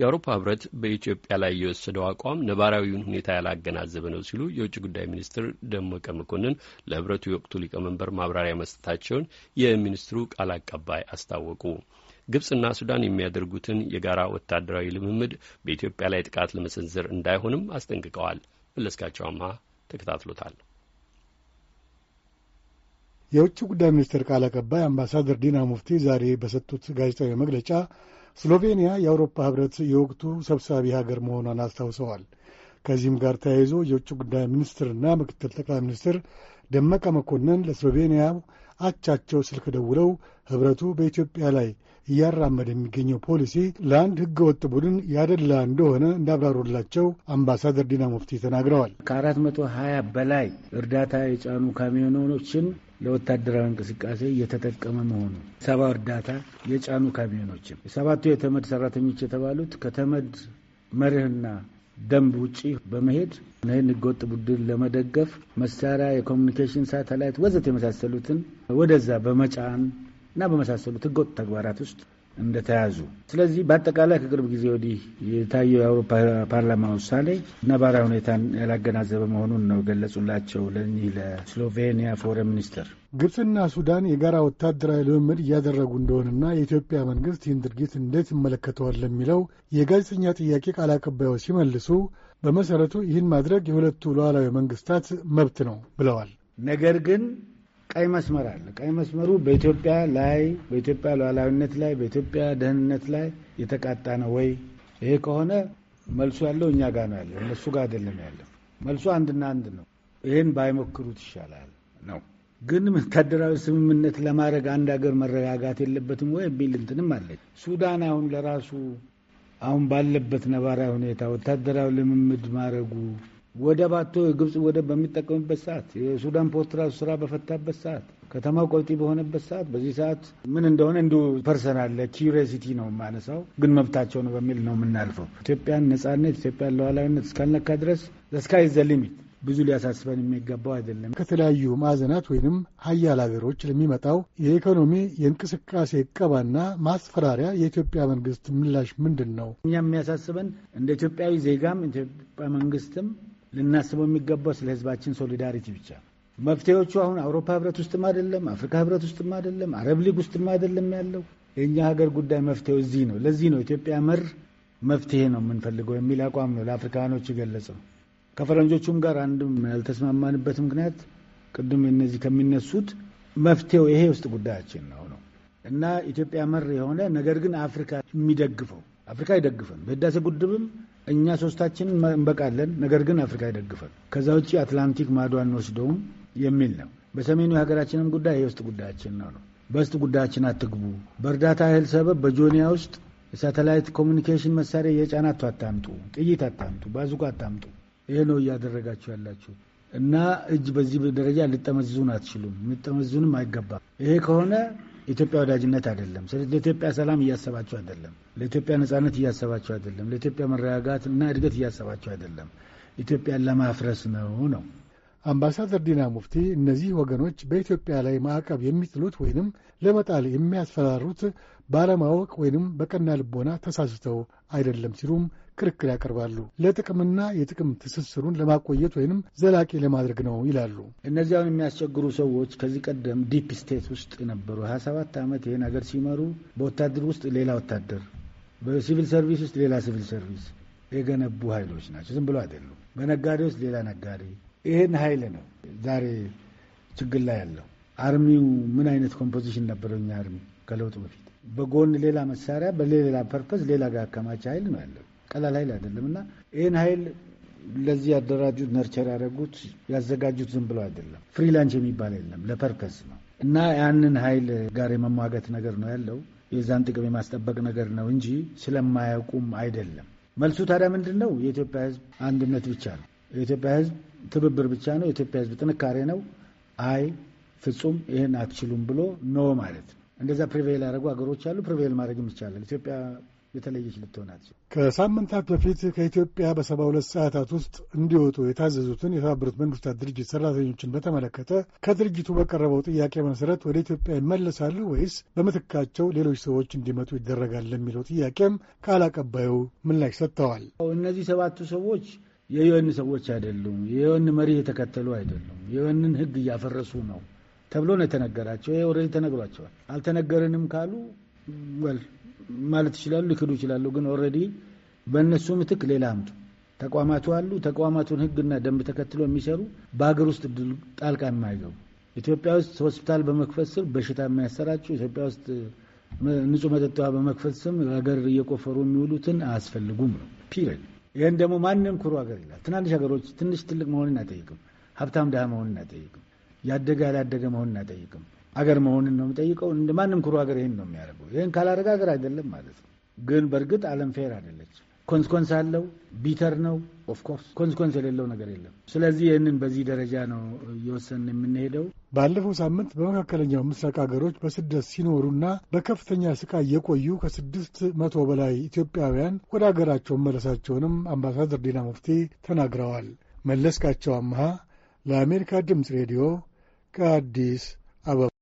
የአውሮፓ ህብረት በኢትዮጵያ ላይ የወሰደው አቋም ነባራዊውን ሁኔታ ያላገናዘበ ነው ሲሉ የውጭ ጉዳይ ሚኒስትር ደመቀ መኮንን ለህብረቱ የወቅቱ ሊቀመንበር ማብራሪያ መስጠታቸውን የሚኒስትሩ ቃል አቀባይ አስታወቁ። ግብጽና ሱዳን የሚያደርጉትን የጋራ ወታደራዊ ልምምድ በኢትዮጵያ ላይ ጥቃት ለመሰንዘር እንዳይሆንም አስጠንቅቀዋል። መለስካቸው አምሃ ተከታትሎታል። የውጭ ጉዳይ ሚኒስትር ቃል አቀባይ አምባሳደር ዲና ሙፍቲ ዛሬ በሰጡት ጋዜጣዊ መግለጫ ስሎቬንያ የአውሮፓ ህብረት የወቅቱ ሰብሳቢ ሀገር መሆኗን አስታውሰዋል። ከዚህም ጋር ተያይዞ የውጭ ጉዳይ ሚኒስትርና ምክትል ጠቅላይ ሚኒስትር ደመቀ መኮንን ለስሎቬንያ አቻቸው ስልክ ደውለው ህብረቱ በኢትዮጵያ ላይ እያራመደ የሚገኘው ፖሊሲ ለአንድ ህገወጥ ቡድን ያደላ እንደሆነ እንዳብራሩላቸው አምባሳደር ዲና ሙፍቲ ተናግረዋል። ከአራት መቶ ሀያ በላይ እርዳታ የጫኑ ካሚዮኖችን ለወታደራዊ እንቅስቃሴ እየተጠቀመ መሆኑ፣ ሰባ እርዳታ የጫኑ ካሚዮኖችም ሰባቱ የተመድ ሰራተኞች የተባሉት ከተመድ መርህና ደንብ ውጪ በመሄድ ይህን ህገወጥ ቡድን ለመደገፍ መሳሪያ፣ የኮሚኒኬሽን ሳተላይት፣ ወዘት የመሳሰሉትን ወደዛ በመጫን እና በመሳሰሉት ህገወጥ ተግባራት ውስጥ እንደተያዙ። ስለዚህ በአጠቃላይ ከቅርብ ጊዜ ወዲህ የታየው የአውሮፓ ፓርላማ ውሳኔ ነባራዊ ሁኔታን ያላገናዘበ መሆኑን ነው ገለጹላቸው ለእኚህ ለስሎቬኒያ ፎረን ሚኒስትር። ግብፅና ሱዳን የጋራ ወታደራዊ ልምምድ እያደረጉ እንደሆነና የኢትዮጵያ መንግስት ይህን ድርጊት እንዴት ይመለከተዋል ለሚለው የጋዜጠኛ ጥያቄ ቃል አቀባዩ ሲመልሱ በመሰረቱ ይህን ማድረግ የሁለቱ ሉዓላዊ መንግስታት መብት ነው ብለዋል። ነገር ግን ቀይ መስመር አለ። ቀይ መስመሩ በኢትዮጵያ ላይ በኢትዮጵያ ሉዓላዊነት ላይ በኢትዮጵያ ደህንነት ላይ የተቃጣ ነው ወይ? ይሄ ከሆነ መልሱ ያለው እኛ ጋር ነው ያለው፣ እነሱ ጋር አይደለም ያለው። መልሱ አንድና አንድ ነው። ይህን ባይሞክሩት ይሻላል ነው። ግን ወታደራዊ ስምምነት ለማድረግ አንድ ሀገር መረጋጋት የለበትም ወይ የሚል እንትንም አለች። ሱዳን አሁን ለራሱ አሁን ባለበት ነባራዊ ሁኔታ ወታደራዊ ልምምድ ማድረጉ ወደብ አቶ የግብፅ ወደብ በሚጠቀምበት ሰዓት የሱዳን ፖርት ስራ በፈታበት ሰዓት ከተማው ቆልጢ በሆነበት ሰዓት በዚህ ሰዓት ምን እንደሆነ እንዲሁ ፐርሰናል ኪሪሲቲ ነው የማነሳው፣ ግን መብታቸው ነው በሚል ነው የምናልፈው። ኢትዮጵያን ነጻነት፣ ኢትዮጵያን ሉዓላዊነት እስካልነካ ድረስ ለስካይ ዘ ሊሚት ብዙ ሊያሳስበን የሚገባው አይደለም። ከተለያዩ ማዕዘናት ወይንም ሀያል ሀገሮች ለሚመጣው የኢኮኖሚ የእንቅስቃሴ እቀባና ማስፈራሪያ የኢትዮጵያ መንግስት ምላሽ ምንድን ነው? እኛ የሚያሳስበን እንደ ኢትዮጵያዊ ዜጋም ኢትዮጵያ መንግስትም ልናስበው የሚገባው ስለ ህዝባችን ሶሊዳሪቲ ብቻ ነው። መፍትሄዎቹ አሁን አውሮፓ ህብረት ውስጥም አይደለም፣ አፍሪካ ህብረት ውስጥም አይደለም፣ አረብ ሊግ ውስጥም አይደለም ያለው የእኛ ሀገር ጉዳይ መፍትሄው እዚህ ነው። ለዚህ ነው ኢትዮጵያ መር መፍትሄ ነው የምንፈልገው የሚል አቋም ነው ለአፍሪካኖች የገለጸው። ከፈረንጆቹም ጋር አንድም ያልተስማማንበት ምክንያት ቅድም እነዚህ ከሚነሱት መፍትሄው ይሄ ውስጥ ጉዳያችን ነው ነው እና ኢትዮጵያ መር የሆነ ነገር ግን አፍሪካ የሚደግፈው አፍሪካ አይደግፍም። በህዳሴ ግድብም እኛ ሶስታችንን እንበቃለን፣ ነገር ግን አፍሪካ አይደግፈን ከዛ ውጭ አትላንቲክ ማዶ አንወስደውም የሚል ነው። በሰሜኑ የሀገራችንም ጉዳይ የውስጥ ጉዳያችን ነው ነው በውስጥ ጉዳያችን አትግቡ። በእርዳታ እህል ሰበብ በጆኒያ ውስጥ የሳተላይት ኮሚኒኬሽን መሳሪያ የጫናቱ አታምጡ፣ ጥይት አታምጡ፣ ባዙቃ አታምጡ። ይሄ ነው እያደረጋችሁ ያላችሁ እና እጅ በዚህ ደረጃ ልጠመዝዙን አትችሉም፣ ልጠመዝዙንም አይገባም። ይሄ ከሆነ ኢትዮጵያ ወዳጅነት አይደለም። ስለዚህ ለኢትዮጵያ ሰላም እያሰባችሁ አይደለም። ለኢትዮጵያ ነጻነት እያሰባችሁ አይደለም። ለኢትዮጵያ መረጋጋት እና እድገት እያሰባችሁ አይደለም። ኢትዮጵያን ለማፍረስ ነው ነው አምባሳደር ዲና ሙፍቲ እነዚህ ወገኖች በኢትዮጵያ ላይ ማዕቀብ የሚጥሉት ወይንም ለመጣል የሚያስፈራሩት ባለማወቅ ወይንም በቀና ልቦና ተሳስተው አይደለም ሲሉም ክርክር ያቀርባሉ። ለጥቅምና የጥቅም ትስስሩን ለማቆየት ወይንም ዘላቂ ለማድረግ ነው ይላሉ። እነዚያውን የሚያስቸግሩ ሰዎች ከዚህ ቀደም ዲፕ ስቴት ውስጥ ነበሩ። 27 ዓመት ይህን ሀገር ሲመሩ በወታደር ውስጥ ሌላ ወታደር፣ በሲቪል ሰርቪስ ውስጥ ሌላ ሲቪል ሰርቪስ የገነቡ ኃይሎች ናቸው። ዝም ብሎ አይደሉም። በነጋዴ ውስጥ ሌላ ነጋዴ ይህን ኃይል ነው ዛሬ ችግር ላይ ያለው። አርሚው ምን አይነት ኮምፖዚሽን ነበረው? እኛ አርሚ ከለውጥ በፊት በጎን ሌላ መሳሪያ በሌላ ፐርፐዝ ሌላ ጋር አከማች ኃይል ነው ያለው። ቀላል ኃይል አይደለም እና ይህን ኃይል ለዚህ ያደራጁት ነርቸር ያደረጉት ያዘጋጁት ዝም ብለው አይደለም። ፍሪላንች የሚባል የለም ለፐርፐዝ ነው እና ያንን ኃይል ጋር የመሟገት ነገር ነው ያለው። የዛን ጥቅም የማስጠበቅ ነገር ነው እንጂ ስለማያውቁም አይደለም። መልሱ ታዲያ ምንድን ነው? የኢትዮጵያ ሕዝብ አንድነት ብቻ ነው። የኢትዮጵያ ሕዝብ ትብብር ብቻ ነው የኢትዮጵያ ህዝብ ጥንካሬ ነው። አይ ፍጹም ይህን አትችሉም ብሎ ኖ ማለት ነው። እንደዛ ፕሪቬል ያደረጉ ሀገሮች አሉ። ፕሪቬል ማድረግም ይቻላል። ኢትዮጵያ የተለየች ልትሆናቸው ከሳምንታት በፊት ከኢትዮጵያ በሰባ ሁለት ሰዓታት ውስጥ እንዲወጡ የታዘዙትን የተባበሩት መንግስታት ድርጅት ሰራተኞችን በተመለከተ ከድርጅቱ በቀረበው ጥያቄ መሰረት ወደ ኢትዮጵያ ይመለሳሉ ወይስ በምትካቸው ሌሎች ሰዎች እንዲመጡ ይደረጋል ለሚለው ጥያቄም ቃል አቀባዩ ምላሽ ሰጥተዋል። እነዚህ ሰባቱ ሰዎች የዩኤን ሰዎች አይደሉም፣ የዩኤን መሪ የተከተሉ አይደሉም፣ የዩኤንን ህግ እያፈረሱ ነው ተብሎ ነው የተነገራቸው። ይሄ ኦልሬዲ ተነግሯቸዋል። አልተነገርንም ካሉ ወል ማለት ይችላሉ፣ ሊክዱ ይችላሉ። ግን ኦልሬዲ በእነሱ ምትክ ሌላ አምጡ። ተቋማቱ አሉ። ተቋማቱን ህግና ደንብ ተከትሎ የሚሰሩ በሀገር ውስጥ ጣልቃ የማይገቡ ኢትዮጵያ ውስጥ ሆስፒታል በመክፈት ስም በሽታ የማያሰራጩ ኢትዮጵያ ውስጥ ንጹህ መጠጥ በመክፈት ስም ሀገር እየቆፈሩ የሚውሉትን አያስፈልጉም ነው ፒሪድ ይህን ደግሞ ማንም ኩሩ ሀገር ይላል። ትናንሽ ሀገሮች ትንሽ ትልቅ መሆንን አይጠይቅም። ሀብታም ድሃ መሆንን አይጠይቅም። ያደገ ያላደገ መሆንን አይጠይቅም። አገር መሆንን ነው የሚጠይቀው። ማንም ኩሩ ሀገር ይህን ነው የሚያደርገው። ይህን ካላደረገ ሀገር አይደለም ማለት ነው። ግን በእርግጥ አለም ፌር አይደለች። ኮንስኮንስ አለው፣ ቢተር ነው፣ ኦፍኮርስ ኮንስኮንስ የሌለው ነገር የለም። ስለዚህ ይህንን በዚህ ደረጃ ነው እየወሰን የምንሄደው። ባለፈው ሳምንት በመካከለኛው ምስራቅ ሀገሮች በስደት ሲኖሩና በከፍተኛ ስቃይ የቆዩ ከስድስት መቶ በላይ ኢትዮጵያውያን ወደ አገራቸው መመለሳቸውንም አምባሳደር ዲና ሙፍቲ ተናግረዋል። መለስካቸው አምሃ ለአሜሪካ ድምፅ ሬዲዮ ከአዲስ አበባ